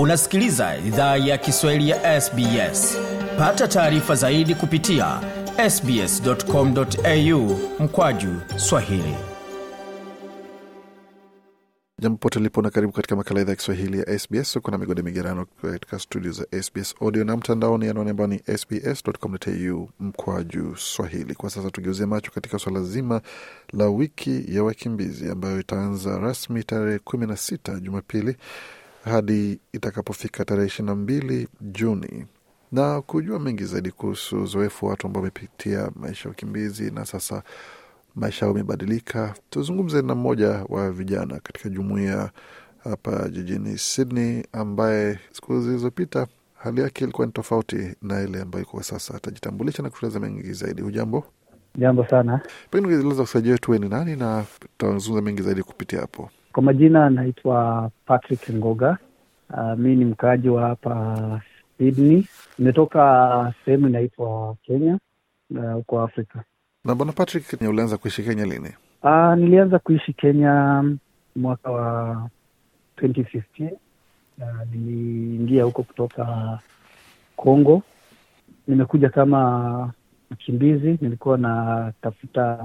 unasikiliza idhaa ya kiswahili ya sbs pata taarifa zaidi kupitia sbscomau mkwaju swahili jambo pote ulipo na karibu katika makala idhaa ya kiswahili ya sbs uko na migode migerano katika studio za sbs audio na mtandaoni anaone ambao ni sbscomau mkwaju swahili kwa sasa tugeuzia macho katika swala zima la wiki ya wakimbizi ambayo itaanza rasmi tarehe kumi na sita jumapili hadi itakapofika tarehe ishirini na mbili Juni. Na kujua mengi zaidi kuhusu uzoefu watu ambao wamepitia maisha ya ukimbizi na sasa maisha yao yamebadilika, tuzungumze na mmoja wa vijana katika jumuiya hapa jijini Sydney ambaye siku zilizopita hali yake ilikuwa ni tofauti na ile ambayo iko sasa. Atajitambulisha na kutueleza mengi zaidi. Hujambo? Jambo sana. Pengine ungeeleza usaji wetu, we ni nani, na tutazungumza mengi zaidi kupitia hapo. Kwa majina anaitwa Patrick Ngoga. Uh, ah, mi ni mkaaji wa hapa Sydney, Imetoka sehemu inaitwa Kenya huko uh, Afrika. Na bwana Patrick, ulianza kuishi Kenya lini? Uh, nilianza kuishi Kenya mwaka wa 2015 uh, ah, niliingia huko kutoka Congo. Nimekuja kama mkimbizi, nilikuwa natafuta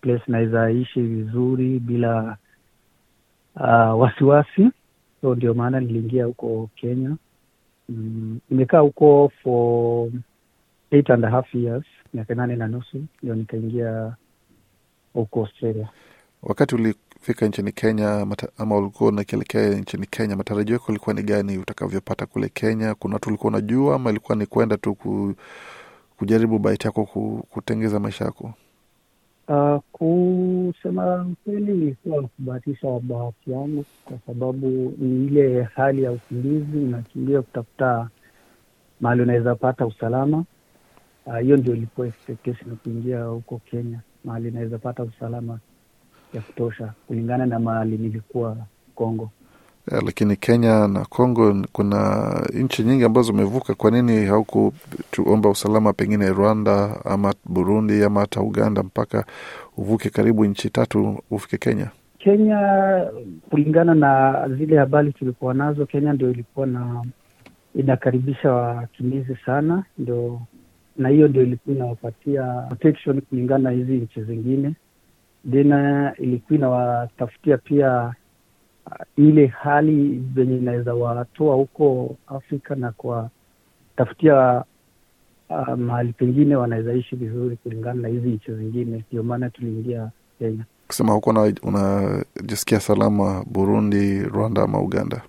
place naweza ishi vizuri bila uh, wasiwasi, so ndio maana niliingia huko Kenya. Mm, nimekaa huko for eight and a half years, miaka nane na nusu, ndio nikaingia huko Australia. Wakati ulifika nchini Kenya mata, ama ulikuwa unakielekea nchini Kenya, matarajio yako ilikuwa ni gani utakavyopata kule Kenya? Kuna watu ulikuwa unajua ama ilikuwa ni kwenda tu ku, kujaribu baiti yako kutengeza maisha yako? Uh, kusema kweli huwa kubahatisha wangu, kwa sababu ni ile hali ya ukimbizi, unakimbia kutafuta mahali unaweza pata usalama. Uh, hiyo uh, ndio ilikuwa expectation ya kuingia huko Kenya, mahali inaweza pata usalama ya kutosha kulingana na mahali nilikuwa Kongo. Eh, lakini Kenya na Congo kuna nchi nyingi ambazo zimevuka. Kwa nini haukuomba usalama pengine Rwanda ama Burundi ama hata Uganda mpaka uvuke karibu nchi tatu ufike Kenya? Kenya, kulingana na zile habari tulikuwa nazo, Kenya ndio ilikuwa na inakaribisha wakimbizi sana, ndio na hiyo ndio ilikuwa inawapatia protection kulingana na hizi nchi zingine, dena eh, ilikuwa inawatafutia pia Uh, ile hali zenye inaweza watoa huko Afrika na kuwatafutia uh, mahali pengine wanaweza ishi vizuri kulingana na hizi nchi zingine. Ndio maana tuliingia Kenya. Kusema huko unajisikia una salama Burundi, Rwanda ama Uganda?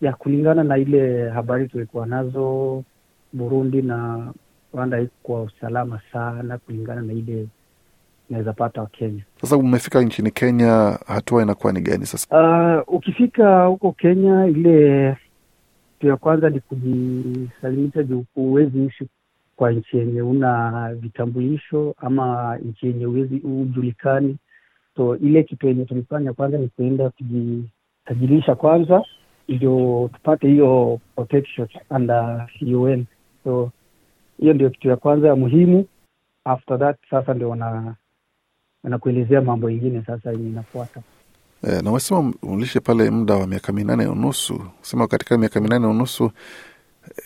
Ya, kulingana na ile habari tulikuwa nazo Burundi na Rwanda iko kwa usalama sana kulingana na ile tunaweza pata Wakenya. Sasa umefika nchini Kenya, hatua inakuwa ni gani sasa? Uh, ukifika huko Kenya, ile kitu ya kwanza ni kujisalimisha juu huwezi ishi kwa nchi yenye una vitambulisho ama nchi yenye uwezi ujulikani. So ile kitu yenye tulifanya kwanza ni kuenda kujisajilisha kwanza, ndio tupate hiyo protection under UN. So hiyo ndio kitu ya kwanza ya muhimu. After that sasa ndio wana anakuelezea mambo ingine sasa yenye inafuata. E, na umesema ulishe pale muda wa miaka minane unusu, sema katika miaka minane unusu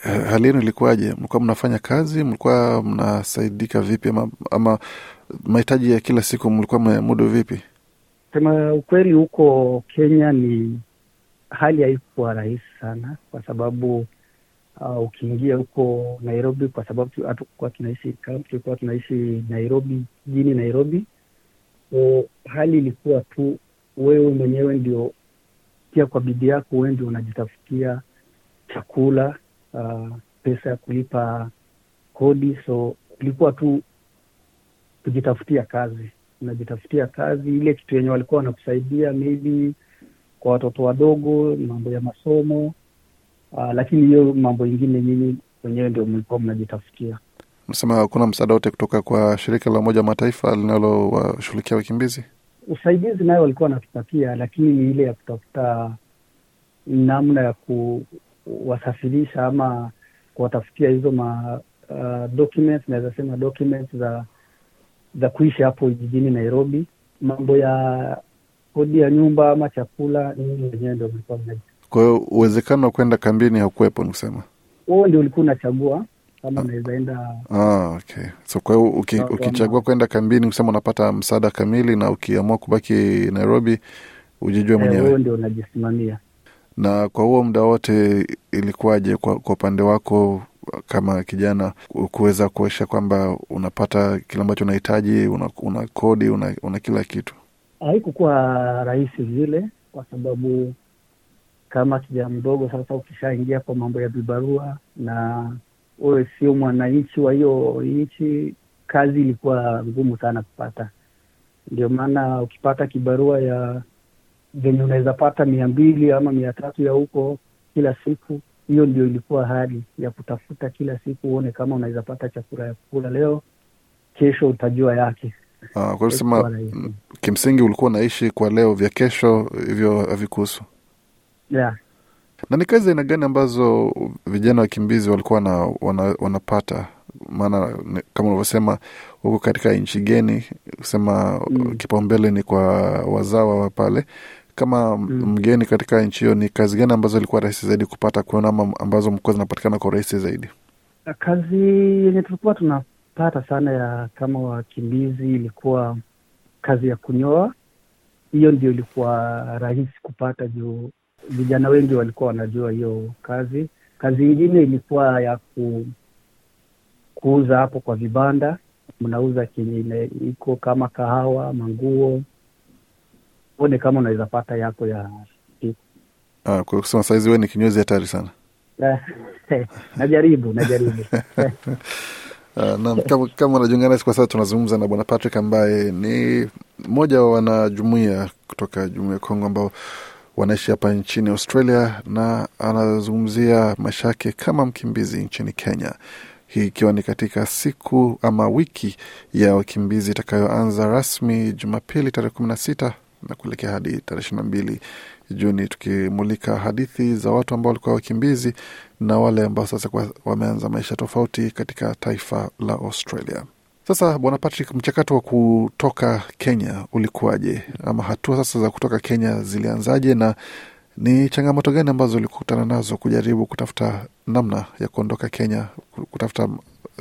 eh, hali yenu ilikuwaje? Mlikuwa mnafanya kazi, mlikuwa mnasaidika vipi ama, ama mahitaji ya kila siku mlikuwa mnamudu vipi? Sema ukweli, huko Kenya ni hali haikuwa rahisi sana, kwa sababu uh, ukiingia huko Nairobi, kwa sababu hatukuwa tunaishi kambi, tulikuwa tunaishi Nairobi jini Nairobi o, hali ilikuwa tu wewe mwenyewe ndio, pia kwa bidii yako wewe ndio unajitafutia chakula, uh, pesa ya kulipa kodi. So ilikuwa tu kujitafutia kazi, unajitafutia kazi ile kitu yenye walikuwa wanakusaidia maybe kwa watoto wadogo, mambo ya masomo uh, lakini hiyo mambo ingine nyinyi wenyewe ndio mlikuwa mnajitafutia. Unasema hakuna msaada wote kutoka kwa shirika la Umoja wa Mataifa linalowashughulikia wakimbizi? Usaidizi nayo walikuwa wanatupatia, lakini ni ile ya kutafuta namna ya kuwasafirisha ama kuwatafutia hizo ma uh, documents, naweza sema documents za za kuishi hapo jijini Nairobi. Mambo ya kodi ya nyumba ama chakula, nini wenyewe ndio mlikuwa Kwa hiyo uwezekano wa kwenda kambini haukuwepo, nikusema huo ndio ulikuwa unachagua kama unaweza enda. Ah, okay. So kwa hiyo uki, ukichagua kwenda kambini kusema unapata msaada kamili, na ukiamua kubaki Nairobi ujijue eh, mwenyewe, ndio unajisimamia. Na kwa huo muda wote ilikuwaje kwa upande wako kama kijana kuweza kuesha kwamba unapata kile ambacho unahitaji, una, una kodi una, una kila kitu? Haikukuwa rahisi vile, kwa sababu kama kijana mdogo, sasa ukishaingia kwa mambo ya vibarua na wewe sio mwananchi wa hiyo nchi, kazi ilikuwa ngumu sana kupata. Ndio maana ukipata kibarua ya venye unaweza pata mia mbili ama mia tatu ya huko kila siku, hiyo ndio ilikuwa hali ya kutafuta kila siku, uone kama unaweza pata chakula ya kukula leo, kesho utajua yake. Ah, kwa mm, kimsingi ulikuwa unaishi kwa leo, vya kesho hivyo havikuhusu. Yeah. Na ni kazi aina gani ambazo vijana wakimbizi walikuwa na, wana, wanapata? Maana kama unavyosema huko katika nchi geni kusema mm. kipaumbele ni kwa wazawa wa pale kama mm. mgeni katika nchi hiyo, ni kazi gani ambazo ilikuwa rahisi zaidi kupata kuona ama ambazo mkuwa zinapatikana kwa urahisi zaidi? Kazi yenye tulikuwa tunapata sana ya kama wakimbizi ilikuwa kazi ya kunyoa. Hiyo ndio ilikuwa rahisi kupata juu Vijana wengi walikuwa wanajua hiyo kazi. Kazi ingine ilikuwa ya ku, kuuza hapo kwa vibanda, mnauza kenye iko kama kahawa, manguo, uone kama unaweza pata yako ya Ah, kwa kusema saizi we ni kinyozi hatari sana. najaribu najaribu. Ah, naam, kama, kama unajiunga nasi kwa sasa, tunazungumza na Bwana Patrick ambaye ni mmoja wa wanajumuia kutoka Jumuia ya Kongo ambao wanaishi hapa nchini Australia, na anazungumzia maisha yake kama mkimbizi nchini Kenya, hii ikiwa ni katika siku ama wiki ya wakimbizi itakayoanza rasmi Jumapili tarehe kumi na sita na kuelekea hadi tarehe ishirini na mbili Juni, tukimulika hadithi za watu ambao walikuwa wakimbizi na wale ambao sasa wameanza maisha tofauti katika taifa la Australia. Sasa bwana Patrick, mchakato wa kutoka Kenya ulikuwaje, ama hatua sasa za kutoka Kenya zilianzaje, na ni changamoto gani ambazo ulikutana nazo kujaribu kutafuta namna ya kuondoka Kenya, kutafuta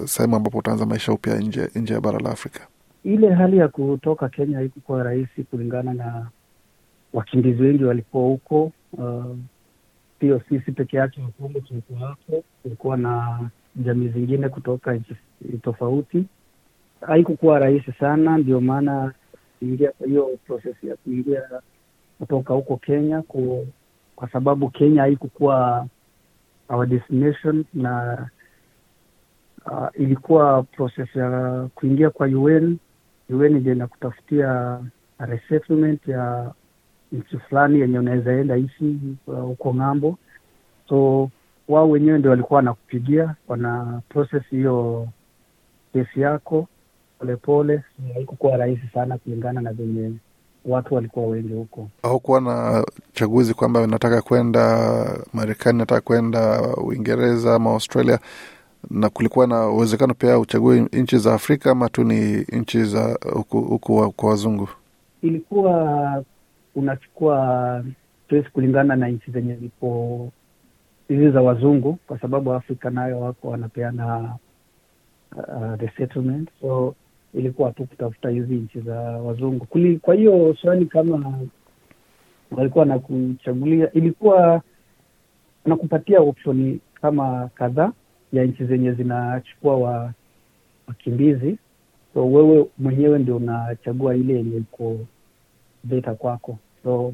sehemu ambapo utaanza maisha upya nje, nje ya bara la Afrika? Ile hali ya kutoka Kenya haikukuwa rahisi kulingana na wakimbizi wengi walikuwa huko, Pio uh, sisi peke yake Wakongo tulikuwa hapo, kulikuwa na jamii zingine kutoka nchi tofauti haikukuwa rahisi sana, ndio maana ingia hiyo proses ya kuingia kutoka huko Kenya ku, kwa sababu Kenya haikukuwa our destination na uh, ilikuwa proses ya kuingia kwa UN. UN ndio inakutafutia resettlement ya nchi fulani yenye unaweza enda ishi huko uh, ng'ambo. So wao wenyewe ndio walikuwa wanakupigia, wana proses hiyo kesi yako polepole, haikukuwa rahisi sana kulingana na venye watu walikuwa wengi huko. Haukuwa na chaguzi kwamba nataka kwenda Marekani, nataka kwenda Uingereza ama Australia, na kulikuwa na uwezekano pia uchague nchi za Afrika ama tu ni nchi za huku kwa wazungu? Ilikuwa unachukua choice kulingana na nchi zenye zipo hizi za wazungu, kwa sababu Afrika nayo wako wanapeana uh, the settlement so ilikuwa tu kutafuta hizi nchi za wazungu Kuli, kwa hiyo swali kama walikuwa na kuchagulia, ilikuwa nakupatia opshoni kama kadhaa ya nchi zenye zinachukua wa wakimbizi, so wewe mwenyewe ndio unachagua ile yenye iko beta kwako. So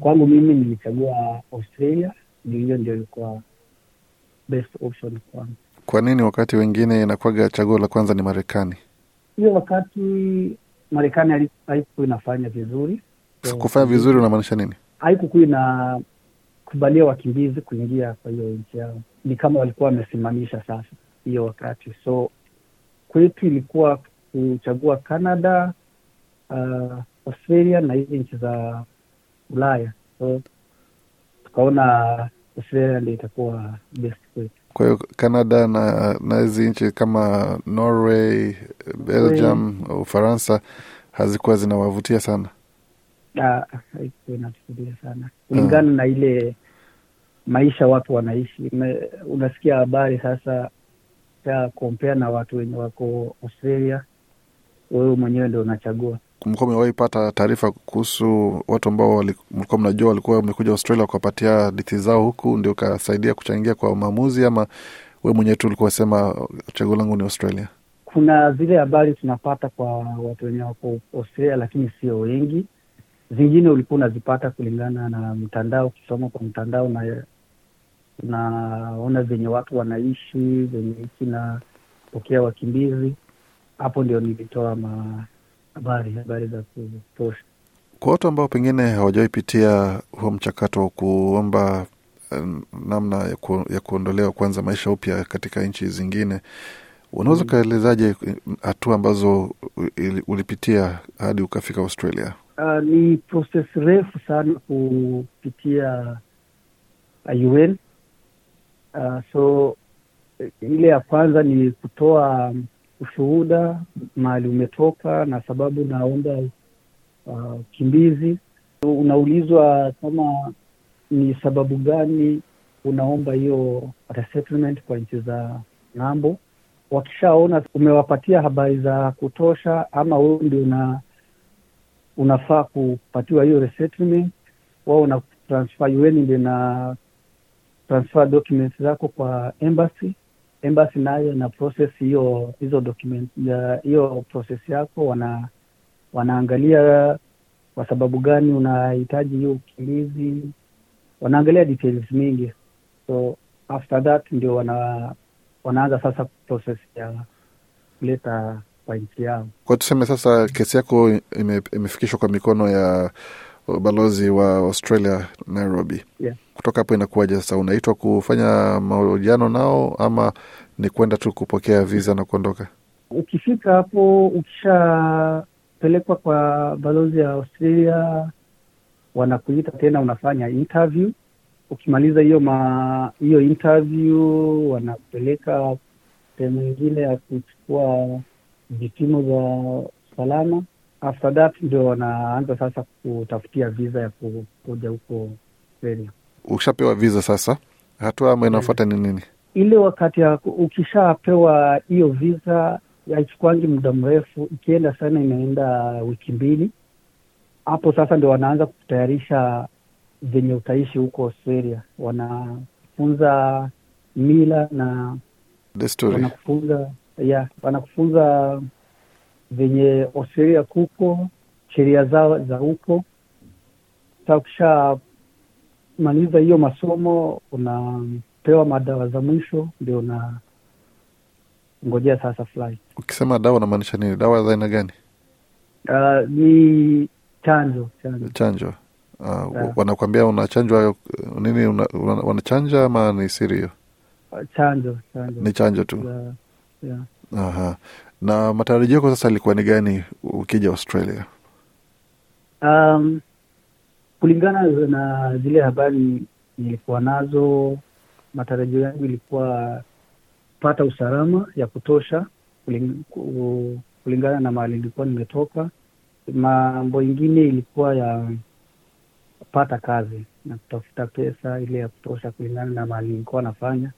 kwangu mimi nilichagua Australia, ndio hiyo ndio ilikuwa best option kwangu. Kwa nini wakati wengine inakwaga chaguo la kwanza ni Marekani? hiyo wakati Marekani haikuwa inafanya vizuri. Kufanya vizuri unamaanisha nini? Haikukuwa inakubalia wakimbizi kuingia kwa hiyo nchi yao, ni kama walikuwa wamesimamisha sasa hiyo wakati. So kwetu ilikuwa kuchagua Canada, uh, Australia na hizi nchi za Ulaya, so tukaona Australia ndio itakuwa best kwetu. Kwa hiyo Canada na, na hizi nchi kama Norway, Belgium, Ufaransa hazikuwa zinawavutia sana haikuwa sana hmm. kulingana na ile maisha watu wanaishi. Unasikia habari sasa ta kompea na watu wenye wako Australia, wewe mwenyewe ndo unachagua mlikuwa mmewahi pata taarifa kuhusu watu ambao mlikuwa mnajua walikuwa wamekuja Australia wakawapatia dithi zao huku, ndio ukasaidia kuchangia kwa maamuzi, ama we mwenyewe tu ulikuwa sema chaguo langu ni Australia? Kuna zile habari tunapata kwa watu wenye wako Australia, lakini sio wengi. Zingine ulikuwa unazipata kulingana na mtandao, ukisoma kwa mtandao na unaona venye watu wanaishi venye hiki na pokea wakimbizi. Hapo ndio nilitoa ma habari habari za kutosha kwa watu ambao pengine hawajawaipitia huo mchakato wa kuomba namna ya, kuondolewa kwanza maisha upya katika nchi zingine unaweza mm. ukaelezaje hatua ambazo ulipitia hadi ukafika australia uh, ni proses refu sana kupitia un uh, ah, so eh, ile ya kwanza ni kutoa um, ushuhuda mahali umetoka na sababu unaomba ukimbizi. Uh, unaulizwa kama ni sababu gani unaomba hiyo resettlement kwa nchi za ng'ambo. Wakishaona umewapatia habari za kutosha, ama wewe ndio una, unafaa kupatiwa hiyo resettlement, wao na transfer ndio na transfer documents zako kwa embassy embassy nayo na process hiyo hizo document hiyo process yako, wana wanaangalia kwa sababu gani unahitaji hiyo ukimbizi, wanaangalia details mingi, so after that ndio wana wanaanza sasa process ya kuleta kwa nchi yao. Kwa tuseme sasa kesi yako imefikishwa kwa mikono ya balozi wa Australia Nairobi. Yeah. Kutoka hapo inakuwaje sasa, unaitwa kufanya mahojiano nao ama ni kwenda tu kupokea visa na kuondoka? Ukifika hapo, ukishapelekwa kwa balozi ya Australia wanakuita tena, unafanya interview. Ukimaliza hiyo ma hiyo interview, wanakupeleka sehemu ingine ya kuchukua vipimo za usalama after that ndio wanaanza sasa kutafutia visa ya kuja huko Kenya. Ukishapewa visa sasa, hatua ambayo inafuata ni nini? Ile wakati ukishapewa hiyo visa haichukuangi muda mrefu, ikienda sana inaenda wiki mbili. Hapo sasa ndio wanaanza kutayarisha venye utaishi huko Australia, wanafunza mila na desturi, wanakufunza wanakufunza venye Australia kuko sheria zao za huko. sa ukishamaliza hiyo masomo unapewa madawa za mwisho, ndio na ngojea sasa flight. Ukisema dawa unamaanisha nini? Dawa za aina gani? Uh, ni chanjo chanjo, chanjo. Uh, ah, ah. wanakwambia unachanjwa nini? Una, una, wanachanja ama ni siri hiyo? Chanjo, chanjo ni chanjo tu yeah. Yeah. Aha. Na matarajio yako sasa alikuwa ni gani ukija Australia? Um, kulingana na zile habari nilikuwa nazo, matarajio yangu ilikuwa pata usalama ya kutosha kulingana na mahali nilikuwa nimetoka. Mambo ingine ilikuwa ya pata kazi na kutafuta pesa ile ya kutosha kulingana na mahali nilikuwa nafanya,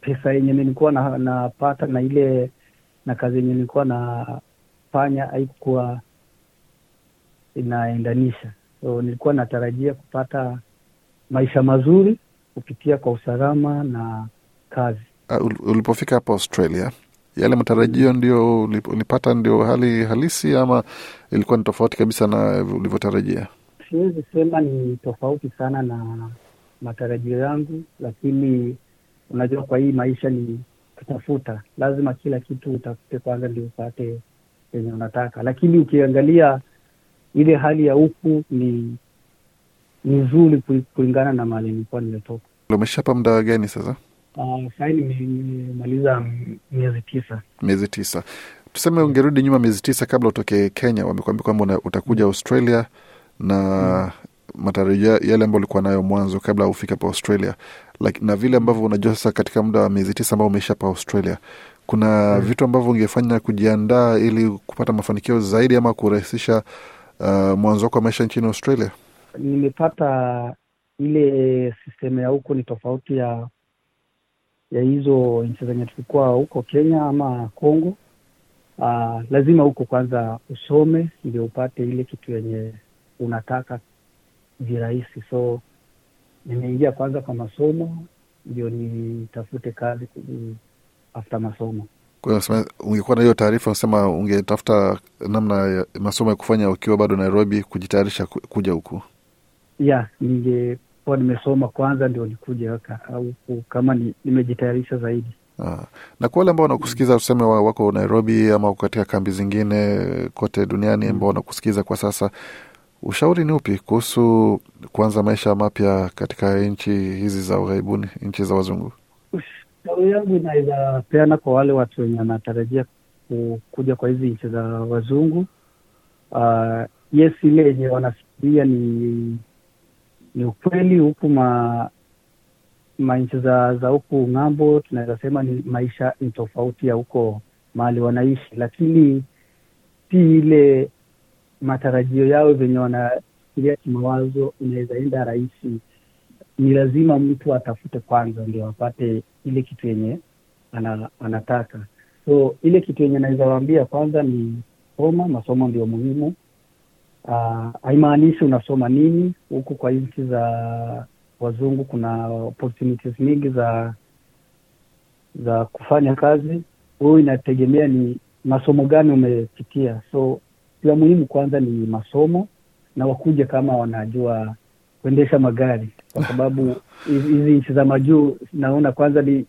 pesa yenye nilikuwa napata na, na ile na kazi yenye nilikuwa nafanya haikuwa inaendanisha. So, nilikuwa natarajia kupata maisha mazuri kupitia kwa usalama na kazi. Uh, ulipofika hapa Australia yale matarajio ndio ulipata, ndio hali halisi ama ilikuwa ni tofauti kabisa na ulivyotarajia? Siwezi sema ni tofauti sana na matarajio yangu, lakini unajua, kwa hii maisha ni kutafuta, lazima kila kitu utafute kwanza ndio upate enye unataka, lakini ukiangalia ile hali ya huku ni nzuri kulingana na mali nilikuwa nimetoka. Umeshapa muda gani sasa? Uh, nimemaliza miezi tisa. Miezi tisa, tuseme ungerudi nyuma miezi tisa kabla utokee Kenya, wamekwambia kwamba utakuja mm. Australia na mm matarajio yale ambayo ulikuwa nayo mwanzo kabla ufike pa Australia like, na vile ambavyo unajua sasa katika muda wa miezi tisa ambao umeisha pa Australia kuna hmm, vitu ambavyo ungefanya kujiandaa ili kupata mafanikio zaidi ama kurahisisha uh, mwanzo wako wa maisha nchini Australia? Nimepata ile sistemu ya huko ni tofauti ya ya hizo nchi zenye tulikuwa huko Kenya ama Congo. Uh, lazima huko kwanza usome ndio upate ile kitu yenye unataka virahisi. So nimeingia kwanza kwa masomo ndio nitafute kazi after masomo. Ungekuwa na hiyo taarifa, unasema ungetafuta namna ya masomo ya kufanya ukiwa bado Nairobi, kujitayarisha kuja huku? Yeah, ningekuwa nimesoma kwanza ndio nikuja huku kama ni, nimejitayarisha zaidi. Aa. Ah, na kwa wale ambao wanakusikiza tuseme wako Nairobi ama katika kambi zingine kote duniani mm. ambao wanakusikiza kwa sasa, Ushauri ni upi kuhusu kuanza maisha mapya katika nchi hizi za ughaibuni, nchi za wazungu? Ushauri yangu inaweza peana kwa wale watu wenye wanatarajia kuja kwa hizi nchi za wazungu. Uh, yes, ile yenye wanafikiria ni ni ukweli huku ma manchi za za huku ng'ambo, tunaweza sema ni maisha ni tofauti ya huko mahali wanaishi, lakini si ile matarajio yao venye wanafikiria kimawazo inaweza enda rahisi. Ni lazima mtu atafute kwanza, ndio apate ile kitu yenye ana, anataka. So ile kitu yenye naweza waambia kwanza ni soma, masomo ndio muhimu. Uh, unasoma nini huku. Kwa nchi za wazungu kuna opportunities nyingi za za kufanya kazi. Huyu inategemea ni masomo gani umepitia, so la muhimu kwanza ni masomo na wakuja kama wanajua kuendesha magari, kwa sababu hizi nchi za majuu naona kwanza ni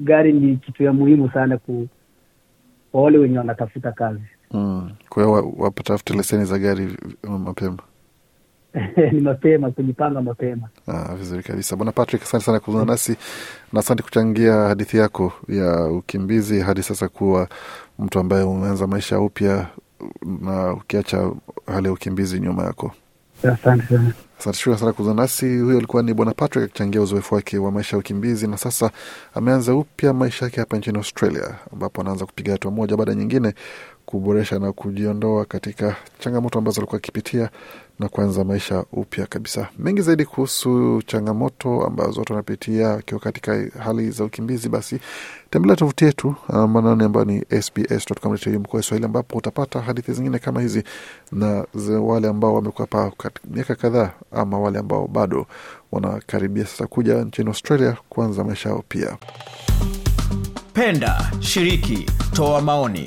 gari ni kitu ya muhimu sana ku, kwa wale wenye wanatafuta kazi mm. Kwa hiyo wapatafute leseni za gari mapema ni mapema kujipanga mapema. Ah, vizuri kabisa bwana Patrick, asante sana kuzungumza nasi na asante kuchangia hadithi yako ya ukimbizi hadi sasa kuwa mtu ambaye umeanza maisha upya na ukiacha hali ya ukimbizi nyuma yako. Asante sana. Asante sana kuza nasi. Huyo alikuwa ni Bwana Patrick akichangia uzoefu wake wa maisha ya ukimbizi, na sasa ameanza upya maisha yake hapa nchini Australia, ambapo anaanza kupiga hatua moja baada ya nyingine kuboresha na kujiondoa katika changamoto ambazo alikuwa akipitia na kuanza maisha upya kabisa. Mengi zaidi kuhusu changamoto ambazo watu wanapitia akiwa katika hali za ukimbizi, basi tembelea tovuti yetu uh, manani ambayo ni sbs.com.au Swahili, ambapo utapata hadithi zingine kama hizi na wale ambao wamekuwa pa miaka kadhaa ama wale ambao bado wanakaribia sasa kuja nchini Australia kuanza maisha yao pia. Penda, shiriki, toa maoni